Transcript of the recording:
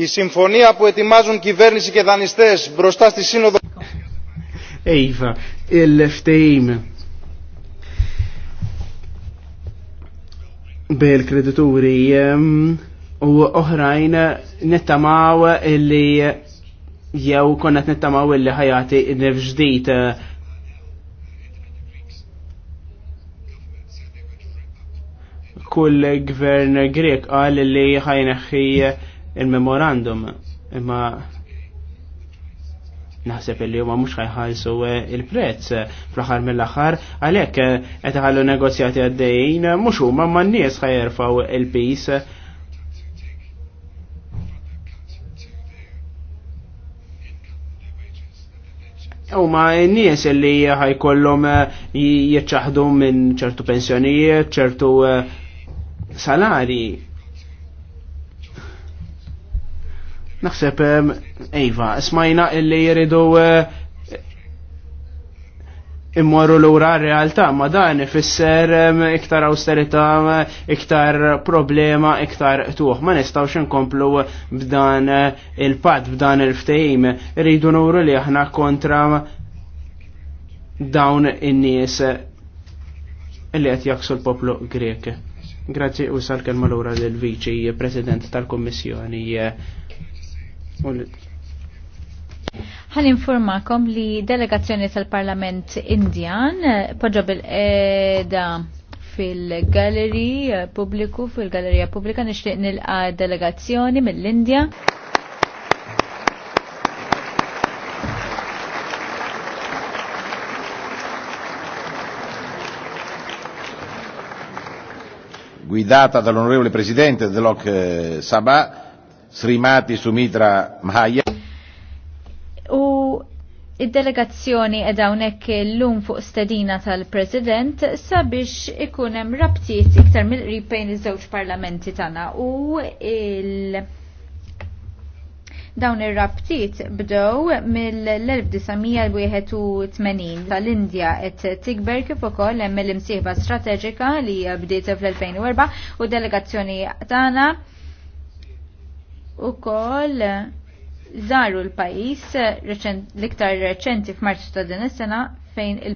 Η συμφωνία που ετοιμάζουν κυβέρνηση και δανειστές μπροστά στη σύνοδο... Eva, il-ftejim bil-kredituri u oħrajn nittamaw illi jew konna nittamaw illi ħajati nifġdijt kull gvern Grek għal li ħajneħħi il-memorandum imma naħseb li huma mhux ħajħallsu eh, il-prezz eh, fl-aħħar mill-aħħar għalhekk eh, qed iħallu negozjati għaddejjin mhux huma ma n-nies ħajerfgħu il-pis. Huma n-nies li ħajkollhom jiċċaħdu minn ċertu pensjonijiet, ċertu salari Naħseb, Eva, smajna illi jiridu eh, immorru l-ura realtà, ma dan ifisser iktar austerità, iktar problema, iktar tuħ. Ma nistawx nkomplu b'dan eh, il-pad, b'dan il-ftejim. Rridu nuru li aħna kontra dawn in-nies li qed jaksu l-poplu Grek. Grazzi u sal-kelma l-ura del-Viċi, President tal-Kommissjoni eh, Għan informakom li delegazzjoni tal-Parlament Indian eh, poġġa bil-eda fil-galleri eh, publiku, fil-gallerija publika nixtieq nilqa delegazzjoni mill-Indja. Guidata dall'onorevole Presidente Delok eh, Sabah, Srimati Sumitra Mħajja. U id-delegazzjoni ed hawnhekk l-lum fuq stedina tal-President sabiex ikun hemm rabtiet iktar mill-qrib bejn iż-żewġ parlamenti tagħna u il- dawn ir-rabtiet bdew mill-1981 tal-Indja qed tikber kif ukoll hemm l-imsieħba strateġika li bdiet fl-2004 u delegazzjoni tagħna u koll zaru l-pajis l-iktar reċenti f'Marċu ta' din is-sena fejn il-